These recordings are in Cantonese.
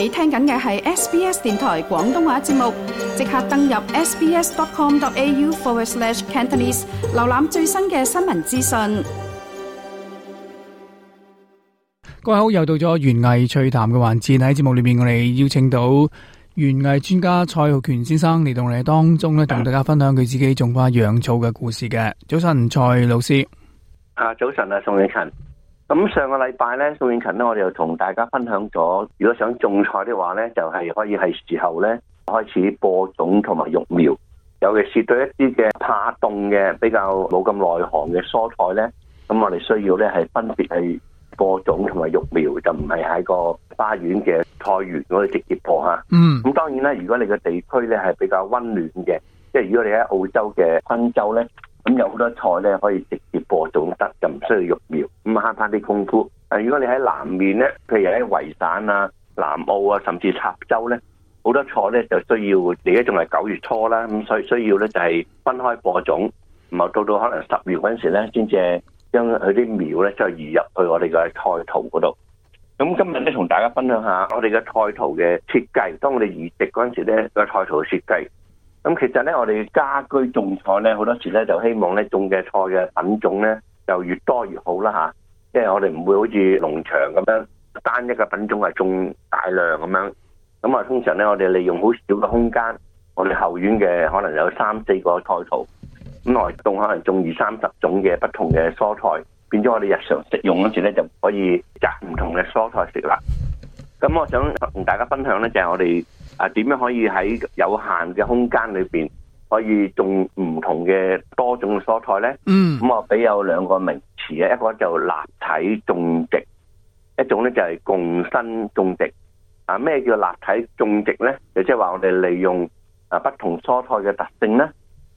你聽緊嘅係 SBS 電台廣東話節目，即刻登入 sbs.com.au forward slash cantonese，瀏覽最新嘅新聞資訊。各位好，又到咗園藝趣談嘅環節，喺節目裏面，我哋邀請到園藝專家蔡浩權先生嚟到我哋當中咧，同大家分享佢自己種花養草嘅故事嘅。早晨，蔡老師。啊，早晨啊，宋永勤。咁上個禮拜咧，宋永勤咧，我哋又同大家分享咗，如果想種菜嘅話咧，就係可以係時候咧開始播種同埋育苗，尤其是對一啲嘅怕凍嘅比較冇咁耐寒嘅蔬菜咧，咁我哋需要咧係分別係播種同埋育苗，就唔係喺個花園嘅菜園嗰度直接播嚇。嗯。咁當然啦，如果你嘅地區咧係比較溫暖嘅，即係如果你喺澳洲嘅昆州咧。咁有好多菜咧可以直接播種得，就唔需要育苗，咁慳返啲功夫。但如果你喺南面咧，譬如喺維省啊、南澳啊，甚至塔州咧，好多菜咧就需要。而家仲係九月初啦，咁所以需要咧就係分開播種，然後到到可能十月嗰陣時咧，先至將佢啲苗咧再移入去我哋嘅菜圖嗰度。咁今日咧同大家分享一下我哋嘅菜圖嘅設計，當我哋移植嗰陣時咧嘅菜圖設計。咁其實咧，我哋家居種菜咧，好多時咧就希望咧種嘅菜嘅品種咧就越多越好啦嚇！即係我哋唔會好似農場咁樣單一嘅品種係種大量咁樣。咁啊，通常咧我哋利用好少嘅空間，我哋後院嘅可能有三四個菜圃，咁我種可能種二三十種嘅不同嘅蔬菜，變咗我哋日常食用嗰時咧就可以摘唔同嘅蔬菜食啦。咁我想同大家分享咧就係我哋。啊，點樣可以喺有限嘅空間裏面可以種唔同嘅多種蔬菜咧？嗯，咁我俾有兩個名詞，一個就立體種植，一種咧就係共生種植。啊，咩叫立體種植咧？就即係話我哋利用啊不同蔬菜嘅特性咧，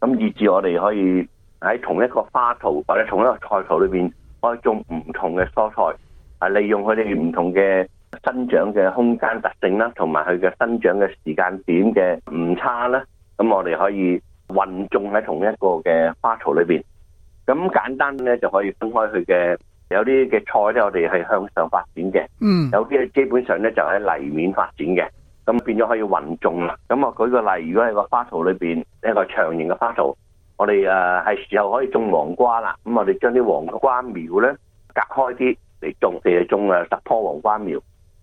咁以至我哋可以喺同一個花圖或者同一個菜圖裏面可以種唔同嘅蔬菜，啊，利用佢哋唔同嘅。生長嘅空間特性啦，同埋佢嘅生長嘅時間點嘅誤差啦，咁我哋可以混種喺同一個嘅花槽裏邊。咁簡單咧就可以分開佢嘅，有啲嘅菜咧，我哋係向上發展嘅，嗯，有啲基本上咧就喺泥面發展嘅。咁變咗可以混種啦。咁我舉個例，如果喺個花槽裏邊一個長形嘅花槽，我哋誒係時候可以種黃瓜啦。咁我哋將啲黃瓜苗咧隔開啲嚟種，四啊種啊十棵黃瓜苗。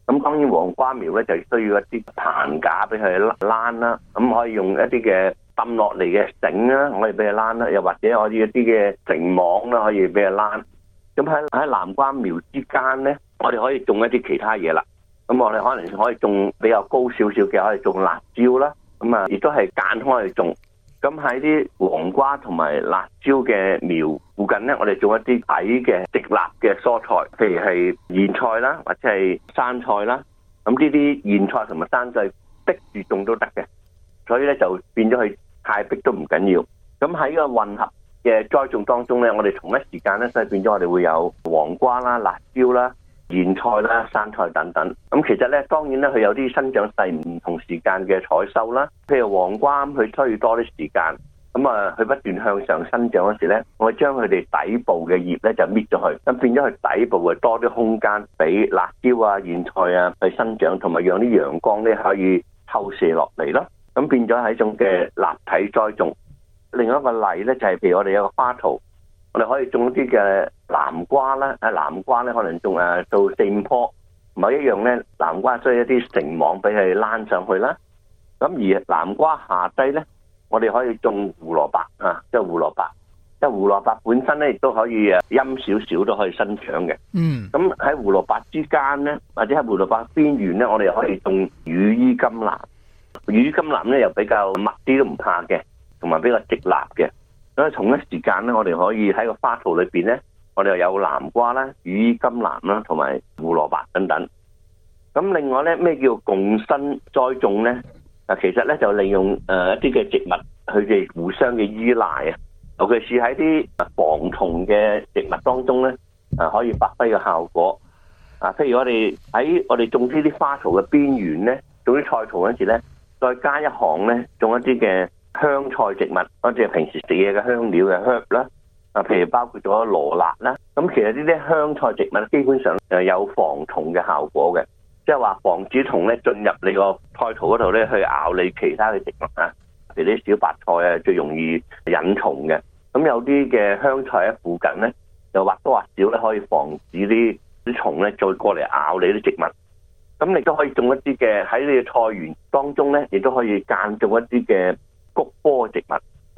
咁當然黃瓜苗咧就需要一啲棚架俾佢攣啦，咁可以用一啲嘅抌落嚟嘅繩啦，可以俾佢攣啦，又或者可以一啲嘅繩網啦，可以俾佢攣。咁喺喺南瓜苗之間咧，我哋可以種一啲其他嘢啦。咁我哋可能可以種比較高少少嘅，可以種辣椒啦。咁啊，亦都係間開嚟種。咁喺啲黃瓜同埋辣椒嘅苗附近咧，我哋種一啲矮嘅直立嘅蔬菜，譬如係莧菜啦，或者係生菜啦。咁呢啲莧菜同埋生菜逼住種都得嘅，所以咧就變咗去太逼都唔緊要，要。咁喺個混合嘅栽種當中咧，我哋同一時間咧，所以變咗我哋會有黃瓜啦、辣椒啦。鹽菜啦、生菜等等，咁其實咧，當然咧，佢有啲生長勢唔同時間嘅採收啦。譬如黃瓜，佢需要多啲時間，咁啊，佢不斷向上生長嗰時咧，我將佢哋底部嘅葉咧就搣咗去，咁變咗佢底部會多啲空間俾辣椒啊、鹽菜啊去生長，同埋讓啲陽光咧可以透射落嚟咯。咁變咗係一種嘅立體栽種。另外一個例咧就係、是，譬如我哋有一個花圖。我哋可以種啲嘅南瓜啦，喺南瓜咧可能種誒到、啊、四五棵，同埋一樣咧，南瓜需要一啲繩網俾佢爬上去啦。咁而南瓜下低咧，我哋可以種胡蘿蔔啊，即、就、係、是、胡蘿蔔。即、啊、係、就是、胡，胡蘿蔔本身咧，亦都可以誒、啊、陰少少都可以生長嘅。嗯。咁喺胡蘿蔔之間咧，或者喺胡蘿蔔邊緣咧，我哋又可以種羽衣甘藍。羽衣甘藍咧又比較密啲都唔怕嘅，同埋比較直立嘅。咁喺同一時間咧，我哋可以喺個花槽裏邊咧，我哋又有南瓜啦、羽衣甘藍啦，同埋胡蘿蔔等等。咁另外咧，咩叫共生栽種咧？嗱，其實咧就利用誒一啲嘅植物佢哋互相嘅依賴啊，尤其是喺啲防蟲嘅植物當中咧，啊可以發揮嘅效果啊。譬如我哋喺我哋種呢啲花槽嘅邊緣咧，種啲菜槽嗰時咧，再加一行咧，種一啲嘅香菜植物，或者平時食嘢嘅香料嘅香啦，啊，譬如包括咗羅勒啦。咁其實呢啲香菜植物基本上就有防蟲嘅效果嘅，即係話防止蟲咧進入你個菜圖嗰度咧去咬你其他嘅植物啊。譬如啲小白菜啊，最容易引蟲嘅。咁有啲嘅香菜喺附近咧，又或多或少咧可以防止啲啲蟲咧再過嚟咬你啲植物。咁你都可以種一啲嘅喺你嘅菜園當中咧，亦都可以間種一啲嘅。菊科植物，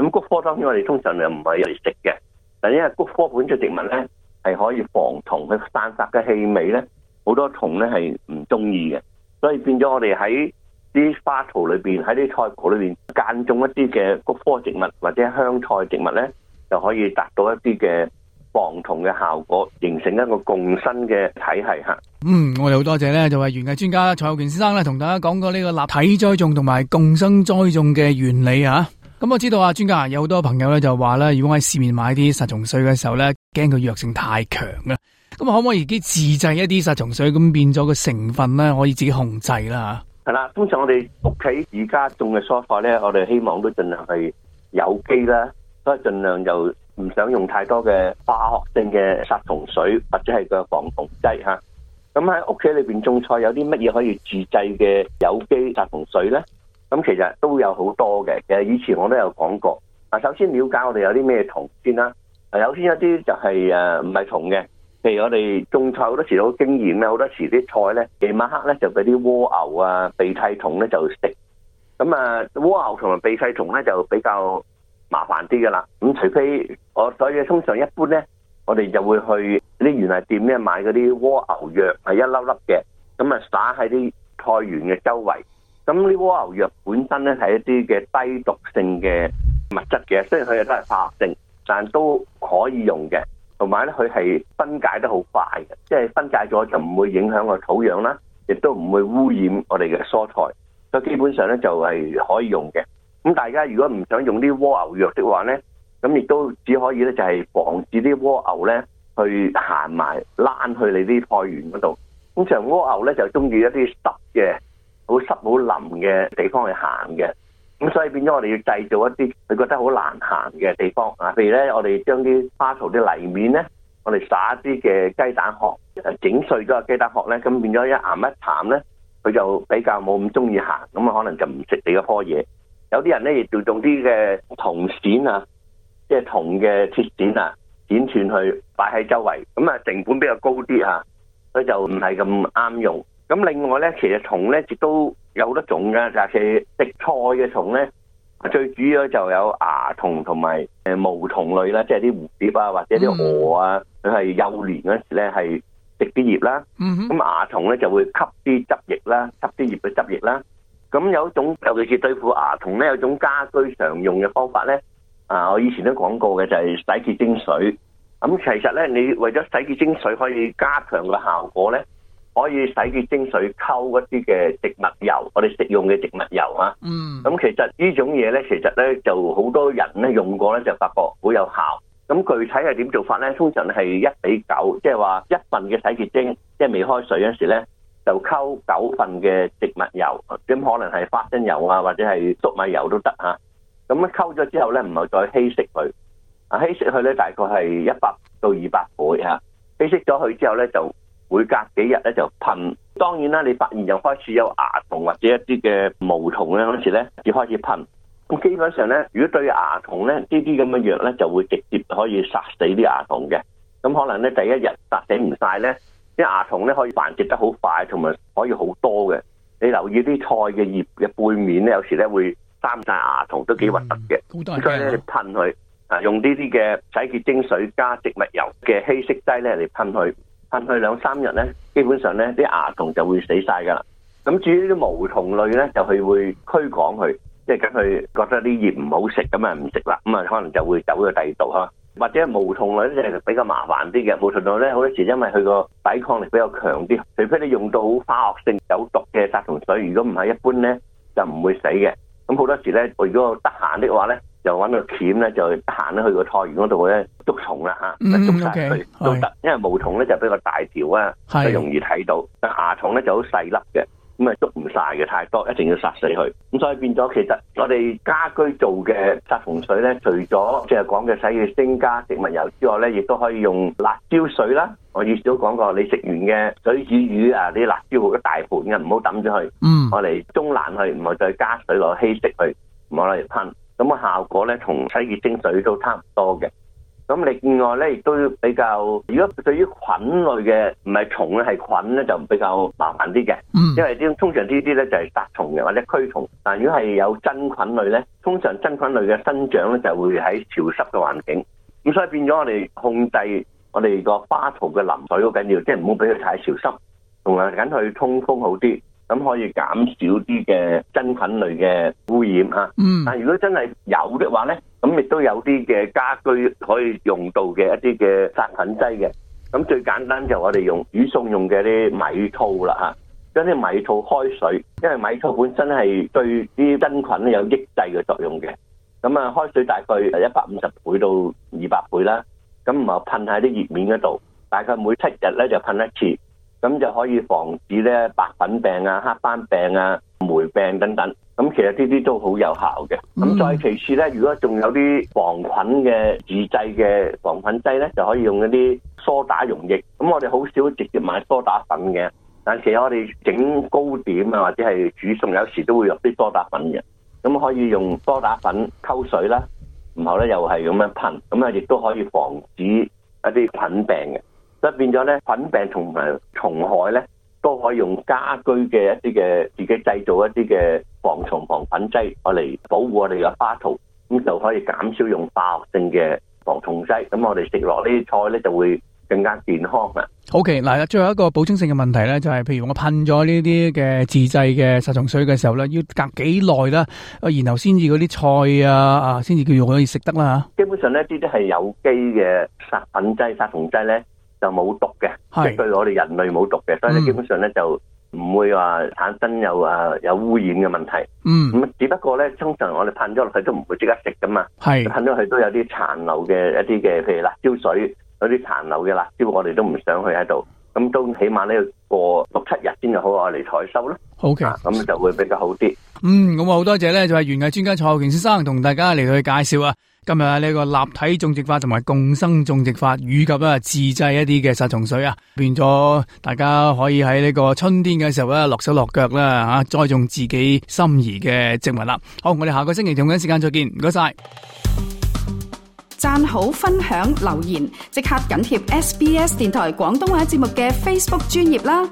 咁菊科當然我哋通常又唔係嚟食嘅，但因為菊科本嘅植物咧，係可以防蟲，佢散發嘅氣味咧，好多蟲咧係唔中意嘅，所以變咗我哋喺啲花槽裏邊，喺啲菜圃裏邊間種一啲嘅菊科植物或者香菜植物咧，就可以達到一啲嘅。防同嘅效果，形成一個共生嘅體系吓。嗯，我哋好多謝咧，就係園藝專家蔡有權先生咧，同大家講過呢個立體栽種同埋共生栽種嘅原理啊。咁、嗯、我知道啊，專家有好多朋友咧就話咧，如果喺市面買啲殺蟲水嘅時候咧，驚佢藥性太強啊。咁、嗯、可唔可以自己自製一啲殺蟲水，咁變咗個成分咧，可以自己控制啦。係啦，通常我哋屋企而家種嘅蔬菜咧，我哋希望都盡量係有機啦，所以盡量就。唔想用太多嘅化學性嘅殺蟲水或者係個防蟲劑嚇，咁喺屋企裏邊種菜有啲乜嘢可以自製嘅有機殺蟲水咧？咁其實都有好多嘅，其實以前我都有講過。嗱，首先了解我哋有啲咩蟲先啦。首先有一啲就係誒唔係蟲嘅，譬、呃、如我哋種菜好多時都有經驗啦，好多時啲菜咧夜晚黑咧就俾啲蝸牛啊、鼻涕蟲咧就食。咁啊，蝸牛同埋鼻涕蟲咧就比較。麻煩啲㗎啦，咁除非我，所以通常一般呢，我哋就會去啲園藝店呢買嗰啲蝸牛藥，係一粒粒嘅，咁啊撒喺啲菜園嘅周圍。咁啲蝸牛藥本身呢，係一啲嘅低毒性嘅物質嘅，雖然佢哋都係化學性，但都可以用嘅。同埋呢，佢係分解得好快嘅，即係分解咗就唔會影響個土壤啦，亦都唔會污染我哋嘅蔬菜，所以基本上呢，就係可以用嘅。咁大家如果唔想用啲蝸牛藥的話咧，咁亦都只可以咧就係防止啲蝸牛咧去行埋躝去你啲菜園嗰度。咁常蝸牛咧就中意一啲濕嘅好濕好淋嘅地方去行嘅，咁所以變咗我哋要製造一啲佢覺得好難行嘅地方啊。譬如咧，我哋將啲花槽啲泥面咧，我哋撒一啲嘅雞蛋殼，整碎咗個雞蛋殼咧，咁變咗一岩一淡咧，佢就比較冇咁中意行，咁啊可能就唔食你嗰棵嘢。有啲人咧，亦調動啲嘅銅線啊，即係銅嘅鐵線啊，剪斷去擺喺周圍，咁啊成本比較高啲啊，佢就唔係咁啱用。咁另外咧，其實蟲咧亦都有好多種噶，尤、就是、其是食菜嘅蟲咧，最主要就是有蚜蟲同埋誒毛蟲類啦，即係啲蝴蝶啊或者啲蛾啊，佢係幼年嗰時咧係食啲葉啦。咁、嗯、蚜蟲咧就會吸啲汁液啦，吸啲葉嘅汁液啦。咁有一種，尤其是對付蚜蟲咧，有一種家居常用嘅方法咧。啊，我以前都講過嘅就係、是、洗潔精水。咁、嗯、其實咧，你為咗洗潔精水可以加強個效果咧，可以洗潔精水溝一啲嘅植物油，我哋食用嘅植物油啊。Mm. 嗯。咁其，其實呢種嘢咧，其實咧就好多人咧用過咧，就發覺好有效。咁、嗯、具體係點做法咧？通常係一比九，即係話一份嘅洗潔精，即係未開水嗰時咧。就溝九份嘅植物油，咁可能係花生油啊，或者係粟米油都得吓。咁溝咗之後咧，唔係再稀釋佢，稀釋佢咧大概係一百到二百倍吓。稀釋咗佢之後咧，就每隔幾日咧就噴。當然啦，你發現又開始有蚜蟲或者一啲嘅毛蟲咧嗰時咧，要開始噴。咁基本上咧，如果對蚜蟲咧呢啲咁嘅藥咧，就會直接可以殺死啲蚜蟲嘅。咁可能咧，第一日殺死唔晒咧。啲蚜蟲咧可以繁殖得好快，同埋可以好多嘅。你留意啲菜嘅葉嘅背面咧，有時咧會生晒蚜蟲，都幾核突嘅。應該咧噴佢，啊、嗯、用呢啲嘅洗潔精水加植物油嘅稀釋劑咧嚟噴佢，噴佢兩三日咧，基本上咧啲蚜蟲就會死晒㗎啦。咁至於啲毛蟲類咧，就係會驅趕佢，即係等佢覺得啲葉唔好食咁啊唔食啦，咁啊可能就會走咗第二度嚇。或者係毛蟲類咧就比較麻煩啲嘅，毛蟲類咧好多時因為佢個抵抗力比較強啲，除非你用到好化學性有毒嘅殺蟲水，如果唔係一般咧就唔會死嘅。咁好多時咧，如果得閒的話咧，就揾個鉗咧就得閒咧去個菜園嗰度咧捉蟲啦吓，捉曬佢。捉，okay, 突，因為毛蟲咧就比較大條啊，嗯，就容易睇到，但係蚜蟲咧就好細粒嘅。咁咪捉唔晒嘅，太多，一定要殺死佢。咁所以變咗，其實我哋家居做嘅殺蟲水咧，除咗即係講嘅洗潔精加植物油之外咧，亦都可以用辣椒水啦。我以前都講過，你食完嘅水煮魚啊，啲辣椒一大盤嘅，唔好抌咗去。嗯，我嚟中爛去，唔係再加水落稀釋佢，攞嚟噴。咁嘅效果咧，同洗潔精水都差唔多嘅。咁你另外咧，亦都比較。如果對於菌類嘅，唔係蟲咧，係菌咧，就比較麻煩啲嘅、嗯。因為通常呢啲咧就係殺蟲嘅或者驅蟲，但如果係有真菌類咧，通常真菌類嘅生長咧就會喺潮濕嘅環境。咁所以變咗我哋控制我哋個花槽嘅淋水好緊要，即係唔好俾佢太潮濕，同埋緊佢通風好啲，咁可以減少啲嘅真菌類嘅污染嚇、嗯。但如果真係有的話咧。咁亦都有啲嘅家居可以用到嘅一啲嘅殺菌劑嘅。咁最簡單就我哋用煮餸用嘅啲米醋啦，嚇，將啲米醋開水，因為米醋本身係對啲真菌有抑制嘅作用嘅。咁啊，開水大概係一百五十倍到二百倍啦。咁然後噴喺啲葉面嗰度，大概每七日咧就噴一次，咁就可以防止咧白粉病啊、黑斑病啊、霉病等等。咁其實呢啲都好有效嘅。咁再其次咧，如果仲有啲防菌嘅自製嘅防菌劑咧，就可以用一啲梳打溶液。咁我哋好少直接買梳打粉嘅，但其實我哋整糕點啊，或者係煮餸，有時都會用啲梳打粉嘅。咁可以用梳打粉溝水啦，然後咧又係咁樣噴，咁啊亦都可以防止一啲菌病嘅。即係變咗咧，菌病同埋蟲害咧，都可以用家居嘅一啲嘅自己製造一啲嘅。防蟲防粉劑，我嚟保護我哋嘅花圖，咁就可以減少用化學性嘅防蟲劑。咁我哋食落呢啲菜咧，就會更加健康啊！OK，嗱，最後一個補充性嘅問題咧，就是，就係譬如我噴咗呢啲嘅自製嘅殺蟲水嘅時候咧，要隔幾耐啦，啊，然後先至嗰啲菜啊啊，先至叫可以食得啦。基本上咧，呢啲係有機嘅殺粉劑、殺蟲劑咧，就冇毒嘅，即對我哋人類冇毒嘅，所以基本上咧，嗯，就。唔會話產生有啊有污染嘅問題。嗯，咁只不過咧，通常我哋噴咗落去都唔會即刻食噶嘛。係噴咗落去都有啲殘留嘅一啲嘅，譬如啦，辣椒水有啲殘留嘅啦，不過我哋都唔想去喺度。咁都起碼呢過六七日先就好，我嚟採收啦。好，okay, 嘅，啊，咁就會比較好啲。嗯，咁啊好多謝咧，就係園藝專家蔡浩權先生同大家嚟去介紹啊。今日呢個立體種植法同埋共生種植法，以及啦自製一啲嘅殺蟲水啊，變咗大家可以喺呢個春天嘅時候咧，落手落腳啦，吓栽種自己心儀嘅植物啦。好，我哋下個星期同一時間再見，唔該晒。讚好、分享、留言，即刻緊貼 SBS 電台廣東話節目嘅 Facebook 專頁啦。